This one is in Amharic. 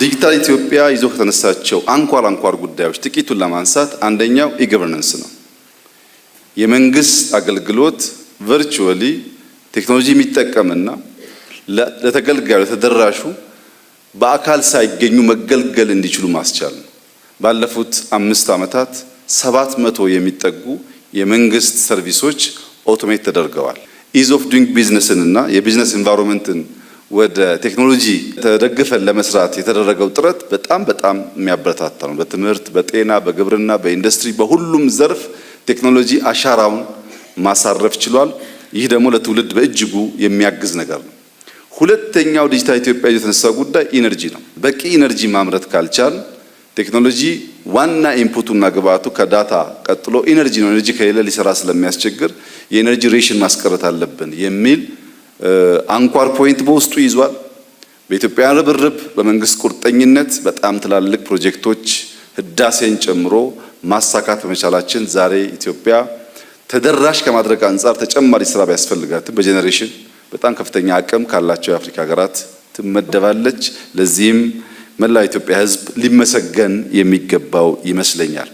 ዲጂታል ኢትዮጵያ ይዞ ከተነሳቸው አንኳር አንኳር ጉዳዮች ጥቂቱን ለማንሳት አንደኛው ኢገቨርነንስ ነው። የመንግስት አገልግሎት ቨርቹዋሊ ቴክኖሎጂ የሚጠቀምና ለተገልጋዩ ለተደራሹ በአካል ሳይገኙ መገልገል እንዲችሉ ማስቻል ነው። ባለፉት አምስት ዓመታት ሰባት መቶ የሚጠጉ የመንግስት ሰርቪሶች ኦቶሜት ተደርገዋል። ኢዝ ኦፍ ዱንግ ቢዝነስን እና የቢዝነስ ኢንቫይሮንመንትን ወደ ቴክኖሎጂ ተደግፈን ለመስራት የተደረገው ጥረት በጣም በጣም የሚያበረታታ ነው። በትምህርት፣ በጤና፣ በግብርና፣ በኢንዱስትሪ፣ በሁሉም ዘርፍ ቴክኖሎጂ አሻራውን ማሳረፍ ችሏል። ይህ ደግሞ ለትውልድ በእጅጉ የሚያግዝ ነገር ነው። ሁለተኛው ዲጂታል ኢትዮጵያ የተነሳው ጉዳይ ኢነርጂ ነው። በቂ ኢነርጂ ማምረት ካልቻል ቴክኖሎጂ ዋና ኢንፑቱና ግብአቱ ከዳታ ቀጥሎ ኢነርጂ ነው። ኢነርጂ ከሌለ ሊሰራ ስለሚያስቸግር የኢነርጂ ሬሽን ማስቀረት አለብን የሚል አንኳር ፖይንት በውስጡ ይዟል። በኢትዮጵያ ርብርብ፣ በመንግስት ቁርጠኝነት በጣም ትላልቅ ፕሮጀክቶች ህዳሴን ጨምሮ ማሳካት በመቻላችን ዛሬ ኢትዮጵያ ተደራሽ ከማድረግ አንጻር ተጨማሪ ስራ ቢያስፈልጋትም በጄኔሬሽን በጣም ከፍተኛ አቅም ካላቸው የአፍሪካ ሀገራት ትመደባለች። ለዚህም መላው ኢትዮጵያ ህዝብ ሊመሰገን የሚገባው ይመስለኛል።